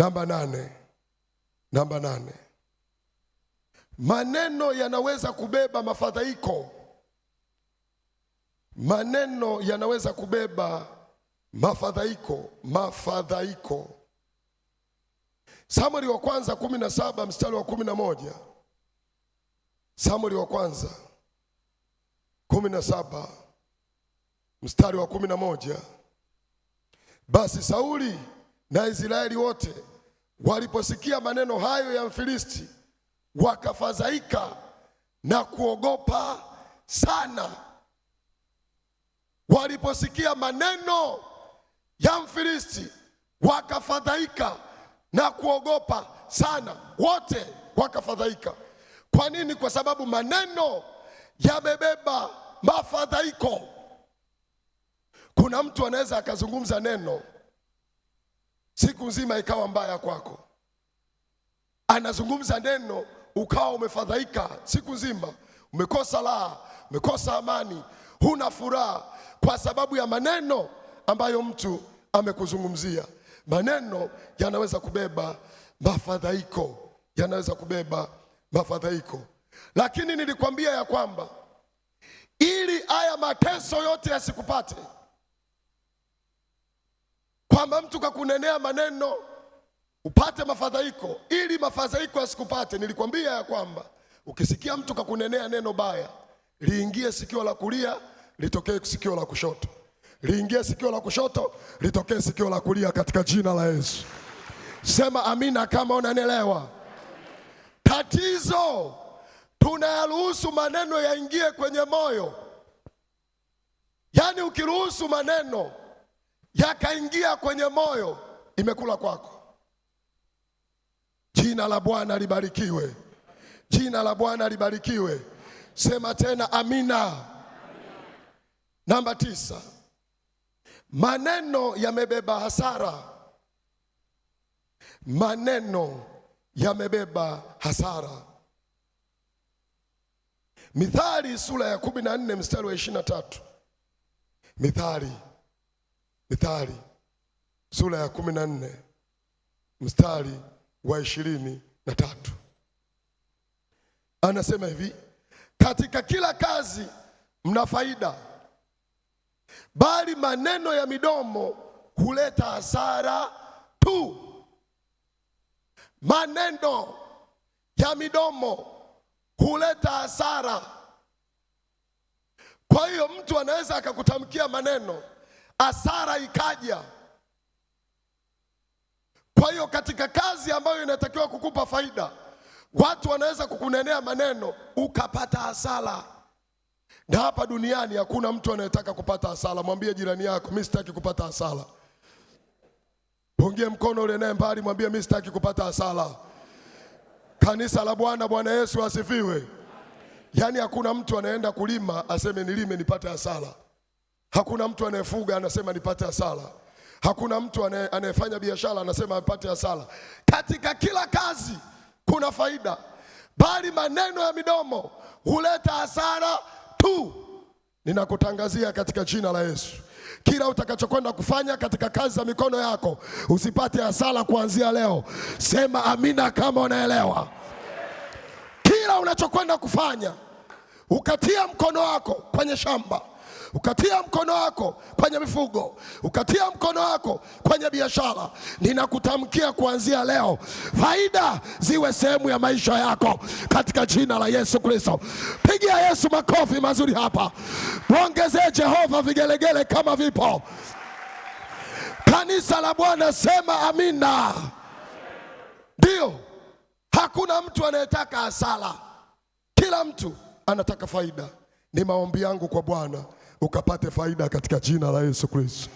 Namba nane. Namba nane. Maneno yanaweza kubeba mafadhaiko. Maneno yanaweza kubeba mafadhaiko, mafadhaiko. Samueli wa kwanza kumi na saba mstari wa kumi na moja. Samueli wa kwanza kumi na saba mstari wa kumi na moja. Basi Sauli na Israeli wote Waliposikia maneno hayo ya Mfilisti wakafadhaika na kuogopa sana. Waliposikia maneno ya Mfilisti wakafadhaika na kuogopa sana, wote wakafadhaika. Kwa nini? Kwa sababu maneno yamebeba mafadhaiko. Kuna mtu anaweza akazungumza neno siku nzima ikawa mbaya kwako. Anazungumza neno ukawa umefadhaika siku nzima, umekosa raha, umekosa amani, huna furaha kwa sababu ya maneno ambayo mtu amekuzungumzia. Maneno yanaweza kubeba mafadhaiko, yanaweza kubeba mafadhaiko. Lakini nilikwambia ya kwamba ili haya mateso yote yasikupate kwamba mtu kakunenea maneno upate mafadhaiko, ili mafadhaiko asikupate. Nilikwambia ya kwamba ukisikia mtu kakunenea neno baya, liingie sikio la kulia, litokee sikio la kushoto, liingie sikio la kushoto, litokee sikio la kulia, katika jina la Yesu. Sema amina kama unanielewa. Tatizo tunayaruhusu maneno yaingie kwenye moyo, yaani ukiruhusu maneno yakaingia kwenye moyo, imekula kwako. Jina la Bwana libarikiwe, jina la Bwana libarikiwe. Sema tena amina, Namba tisa, maneno yamebeba hasara. Maneno yamebeba hasara. Mithali sura ya kumi na nne mstari wa ishirini na tatu Mithali Mithali sura ya kumi na nne mstari wa ishirini na tatu anasema hivi, katika kila kazi mna faida, bali maneno ya midomo huleta hasara tu. Maneno ya midomo huleta hasara. Kwa hiyo mtu anaweza akakutamkia maneno hasara ikaja. Kwa hiyo katika kazi ambayo inatakiwa kukupa faida, watu wanaweza kukunenea maneno ukapata hasara, na hapa duniani hakuna mtu anayetaka kupata hasara. Mwambie jirani yako, mimi sitaki kupata hasara. Pungie mkono ule naye mbali, mwambie mimi sitaki kupata hasara. Kanisa la Bwana, Bwana Yesu asifiwe. Yaani hakuna mtu anaenda kulima aseme nilime nipate hasara. Hakuna mtu anayefuga anasema nipate hasara. Hakuna mtu anayefanya biashara anasema apate hasara. Katika kila kazi kuna faida, bali maneno ya midomo huleta hasara tu. Ninakutangazia katika jina la Yesu, kila utakachokwenda kufanya katika kazi za mikono yako usipate hasara kuanzia leo. Sema amina kama unaelewa. Kila unachokwenda kufanya, ukatia mkono wako kwenye shamba ukatia mkono wako kwenye mifugo, ukatia mkono wako kwenye biashara, ninakutamkia kuanzia leo faida ziwe sehemu ya maisha yako katika jina la Yesu Kristo. Pigia Yesu makofi mazuri hapa, mwongezee Jehova vigelegele kama vipo. Kanisa la Bwana sema amina. Ndio, hakuna mtu anayetaka hasara, kila mtu anataka faida. Ni maombi yangu kwa Bwana. ukapate faida katika jina la Yesu Kristo.